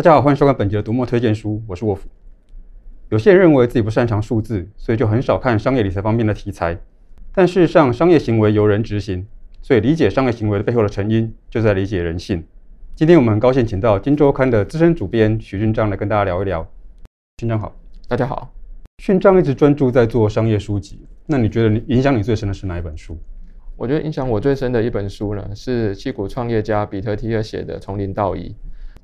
大家好，歡迎收看本集的讀墨推薦書，我是沃夫。有些人認為自己不擅長數字，所以就很少看商業理財方面的題材。但事實上，商業行為由人執行，所以理解商業行為背後的成因，就在理解人性。今天我們很高興請到《今周刊》的資深主編許訓彰來跟大家聊一聊。訓彰好。大家好。訓彰一直專注在做商業書籍，那你覺得你影響你最深的是哪一本書？我覺得影響我最深的一本書呢，是矽谷創業家彼得提爾寫的《從零到一》。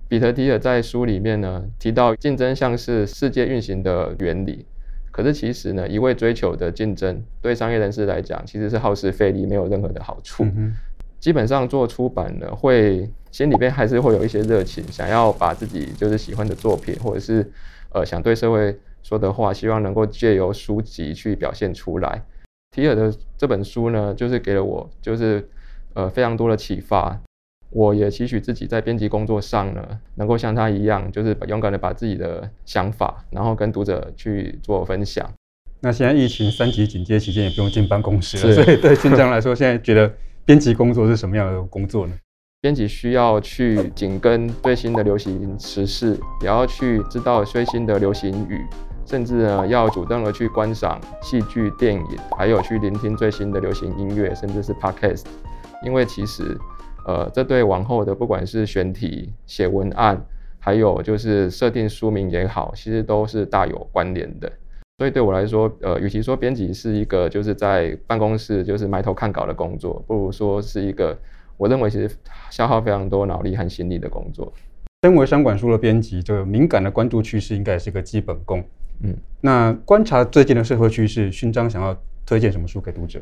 彼得·提爾在書裡面呢提到，競爭像是世界運行的原理。可是其實呢，一味追求的競爭，對商業人士來講，其實是耗時費力，沒有任何的好處。嗯哼。基本上做出版呢，會心裡面還是會有一些熱情，想要把自己就是喜歡的作品，或者是呃想對社會說的話，希望能夠借由書籍去表現出來。提爾的這本書呢，就是給了我就是呃非常多的啟發。我也期許自己在編輯工作上呢，能夠像他一樣，就是勇敢的把自己的想法，然後跟讀者去做分享。那現在疫情三級警戒期間，也不用進辦公室了，是所以對訓彰來說， 現在覺得編輯工作是什麼樣的工作呢？編輯需要去緊跟最新的流行時事，也要去知道最新的流行語，甚至呢，要主動的去觀賞戲劇、電影，還有去聆聽最新的流行音樂，甚至是 Podcast。因為其實。呃，這對往後的不管是選題、寫文案，還有就是設定書名也好，其實都是大有關聯的。所以對我來說，呃，與其說編輯是一個就是在辦公室就是埋頭看稿的工作，不如說是一個我認為其實消耗非常多腦力和心力的工作。身為商管書的編輯，就敏感的關注趨勢應該是一個基本功。嗯，那觀察最近的社會趨勢，訓彰想要推薦什麼書給讀者？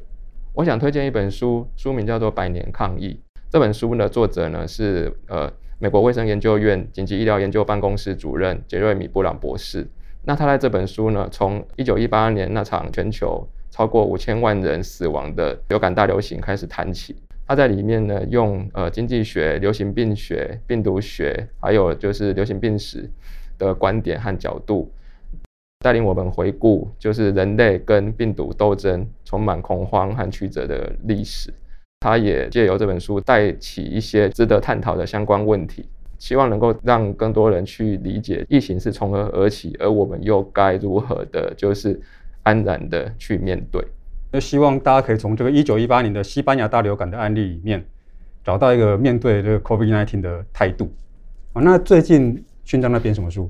我想推薦一本書，書名叫做《百年抗疫》。這本書的作者呢，是呃，美國衛生研究院緊急醫療研究辦公室主任杰瑞米·布朗博士。那他在這本書呢，從一九一八年那場全球超過五千萬人死亡的流感大流行開始談起。他在裡面呢，用呃經濟學、流行病學、病毒學，還有就是流行病史的觀點和角度，帶領我們回顧就是人類跟病毒鬥爭充滿恐慌和曲折的歷史。他也借由這本書帶起一些值得探討的相關問題，希望能夠讓更多人去理解疫情是從何而起，而我們又該如何的，就是安然的去面對。那希望大家可以從這個一九一八年的西班牙大流感的案例裡面，找到一個面對這個 COVID-19 的態度。哦。那最近訓彰在編什麼書？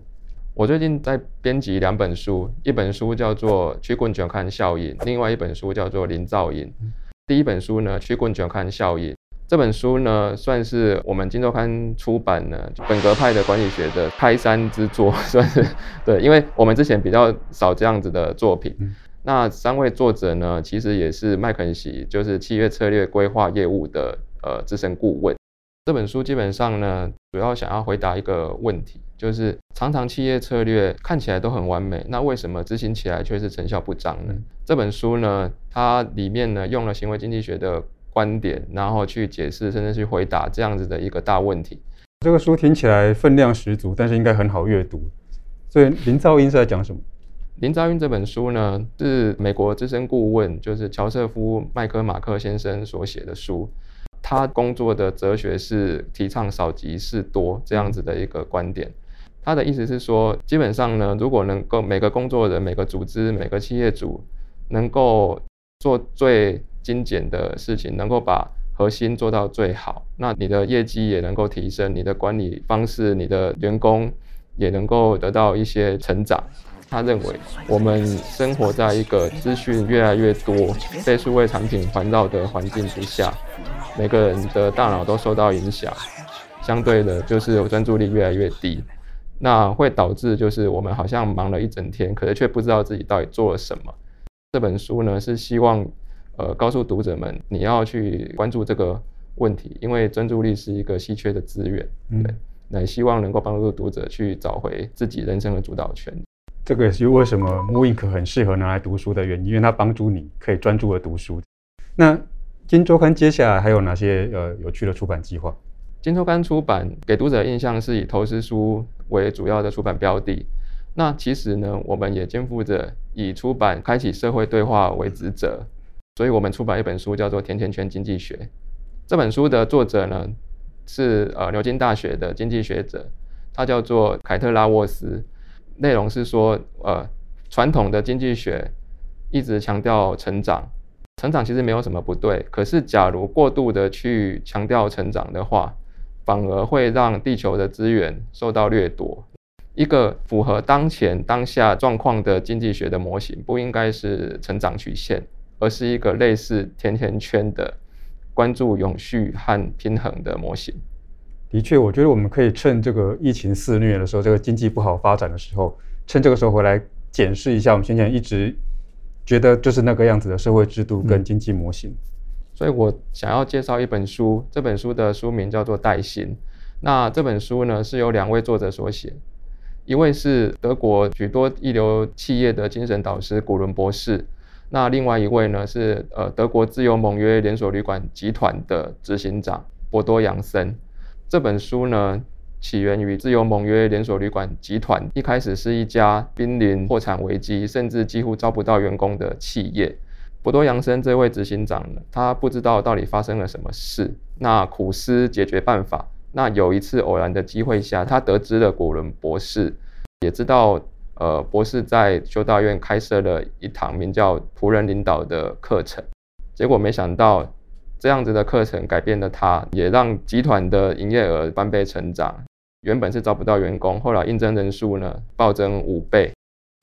我最近在編輯兩本書，一本書叫做《曲棍球桿效應》，另外一本書叫做《零噪音》。嗯第一本書呢，《曲棍球桿效應》這本書呢，算是我們今周刊出版的本格派的管理學的開山之作，算是對，因為我們之前比較少這樣子的作品。嗯、那三位作者呢，其實也是麥肯錫，就是企業策略規劃業務的呃資深顧問。這本書基本上呢，主要想要回答一個問題。就是常常企業策略看起來都很完美，那為什麼執行起來卻是成效不彰呢？嗯、這本書呢，它裡面呢用了行為經濟學的觀點，然後去解釋，甚至去回答這樣子的一個大問題。這個書聽起來分量十足，但是應該很好閱讀。所以零噪音是在講什麼？ 零噪音這本書呢，是美國資深顧問，就是喬瑟夫·麥克馬克先生所寫的書。他工作的哲學是提倡少即是多這樣子的一個觀點。嗯他的意思是說，基本上呢，如果能夠每個工作人、每個組織、每個企業主能夠做最精簡的事情，能夠把核心做到最好，那你的業績也能夠提升，你的管理方式、你的員工也能夠得到一些成長。他認為，我們生活在一個資訊越來越多、被數位產品環繞的環境之下，每個人的大腦都受到影響，相對的，就是有專注力越來越低。那會導致就是我們好像忙了一整天，可是卻不知道自己到底做了什麼。這本書呢是希望，呃，告訴讀者們你要去關注這個問題，因為專注力是一個稀缺的資源，對，那也、嗯、希望能夠幫助讀者去找回自己人生的主導權。嗯、這個也是為什麼 mooInk 很適合拿來讀書的原因，因為它幫助你可以專注地讀書。那今周刊，接下來還有哪些呃有趣的出版計劃？今周刊出版給讀者印象是以投資書為主要的出版標的，那其實呢，我們也肩負着以出版開啟社會對話為職責，所以我們出版一本書叫做《甜甜圈經濟學》。這本書的作者呢是呃牛津大學的經濟學者，他叫做凱特拉沃斯。內容是說呃傳統的經濟學一直強調成長，成長其實沒有什麼不對，可是假如過度的去強調成長的話，反而會讓地球的資源受到掠奪。一個符合當前當下狀況的經濟學的模型，不應該是成長曲線，而是一個類似甜甜圈的，關注永續和平衡的模型。的確，我覺得我們可以趁這個疫情肆虐的時候，這個經濟不好發展的時候，趁這個時候回來檢視一下我們現在一直覺得就是那個樣子的社會制度跟經濟模型。嗯所以我想要介紹一本書，這本書的書名叫做《帶心》，那這本書呢，是由兩位作者所寫，一位是德國許多一流企業的精神導師古倫博士，那另外一位呢是呃德國自由盟約連鎖旅館集團的執行長博多楊森。這本書呢，起源於自由盟約連鎖旅館集團，一開始是一家瀕臨破產危機，甚至幾乎招不到員工的企業。波多洋生這位執行長呢，他不知道到底發生了什麼事，那苦思解決辦法。那有一次偶然的機會下，他得知了古倫博士，也知道，呃，博士在修道院開設了一堂名叫“僕人領導”的課程。結果沒想到，這樣子的課程改變了他，也讓集團的營業額翻倍成長。原本是招不到員工，後來應徵人數呢暴增五倍。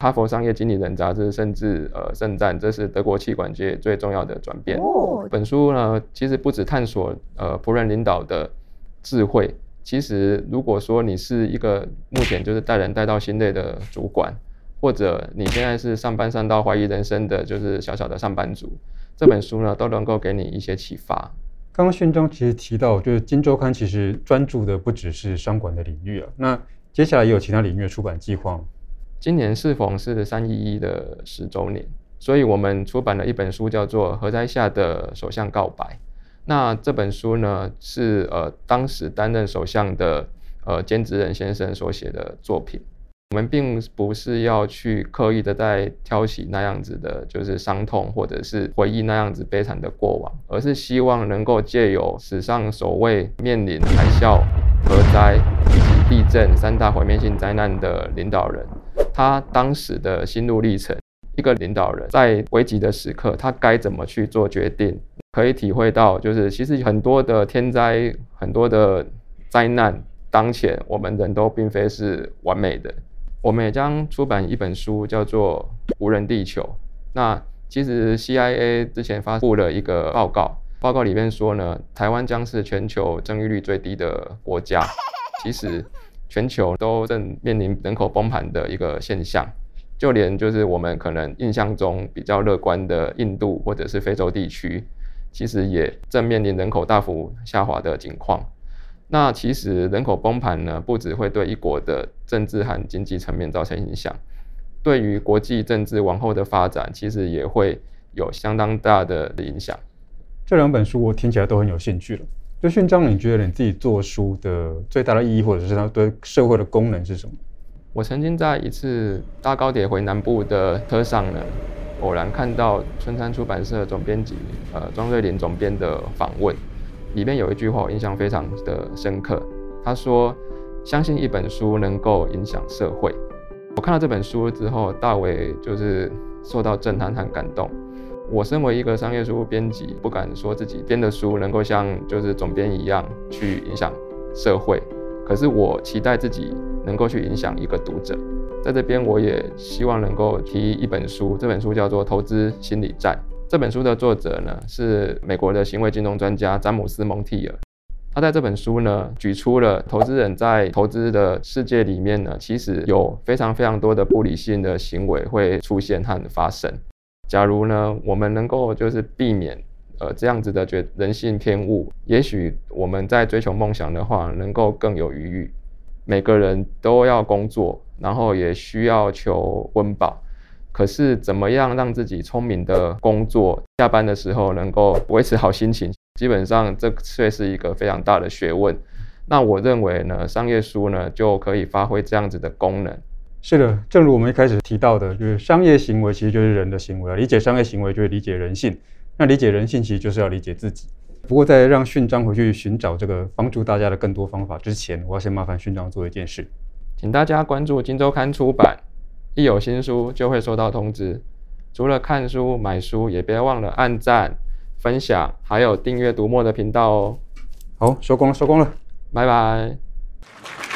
哈佛商業經理人雜志甚至呃盛讚這是德國企管界最重要的轉變。Oh. 本書呢其實不止探索呃僕人領導的智慧，其實如果說你是一個目前就是帶人帶到心累的主管，或者你現在是上班上到懷疑人生的就是小小的上班族，這本書呢都能夠給你一些啟發。剛剛訓彰其實提到，就是今周刊其實專注的不只是商管的領域啊，那接下來也有其他領域的出版計劃。今年適逢是三一一的十週年，所以我們出版了一本書，叫做《核災下的首相告白》。那這本書呢，是呃當時擔任首相的呃菅直人先生所寫的作品。我們並不是要去刻意的在挑起，那樣子的，就是傷痛或者是回憶那樣子悲慘的過往，而是希望能夠借由史上首位面臨海嘯、核災以及地震三大毀滅性災難的領導人。他當時的心路歷程，一個領導人在危急的時刻，他該怎麼去做決定，可以體會到，就是其實很多的天災，很多的災難，當前我們人都並非是完美的。我們也將出版一本書，叫做《無人地球》。那其實 CIA 之前發布了一個報告，報告裡面說呢，台灣將是全球生育率最低的國家。其實。全球都正面臨人口崩盤的一個現象，就連就是我們可能印象中比較樂觀的印度或者是非洲地區，其實也正面臨人口大幅下滑的情況。那其實人口崩盤呢，不只會對一國的政治和經濟層面造成影響，對於國際政治往後的發展，其實也會有相當大的影響。這兩本書我聽起來都很有興趣了。就訓彰，你覺得你自己做書的最大的意義，或者是它對社會的功能是什麼？我曾經在一次搭高鐵回南部的車上呢，偶然看到春山出版社總編輯呃莊瑞琳總編的訪問，裡面有一句話我印象非常的深刻，他說相信一本書能夠影響社會。我看到這本書之後，大為就是受到震撼和感動。我身為一個商業書編輯，不敢說自己編的書能夠像就是總編一樣去影響社會，可是我期待自己能夠去影響一個讀者。在這邊，我也希望能夠提一本書，這本書叫做《投資心理戰》。這本書的作者呢是美國的行為金融專家詹姆斯·蒙蒂爾。他在這本書呢舉出了投資人在投資的世界裡面呢，其實有非常非常多的不理性的行為會出現和發生。假如呢，我們能夠就是避免，呃，這樣子的覺人性偏誤，也許我們在追求夢想的話，能夠更有餘裕。每個人都要工作，然後也需要求溫飽，可是怎麼樣讓自己聰明的工作，下班的時候能夠維持好心情，基本上這卻是一個非常大的學問。那我認為呢，商業書呢就可以發揮這樣子的功能。是的，正如我們一開始提到的，就是商業行為其實就是人的行為，理解商業行為就是理解人性。那理解人性，其實就是要理解自己。不過，在讓訓彰回去尋找這個幫助大家的更多方法之前，我要先麻煩訓彰做一件事，請大家關注《今周刊》出版，一有新書就會收到通知。除了看書買書，也別忘了按讚、分享，還有訂閱“讀墨”的頻道哦。好，收工了，收工了，拜拜。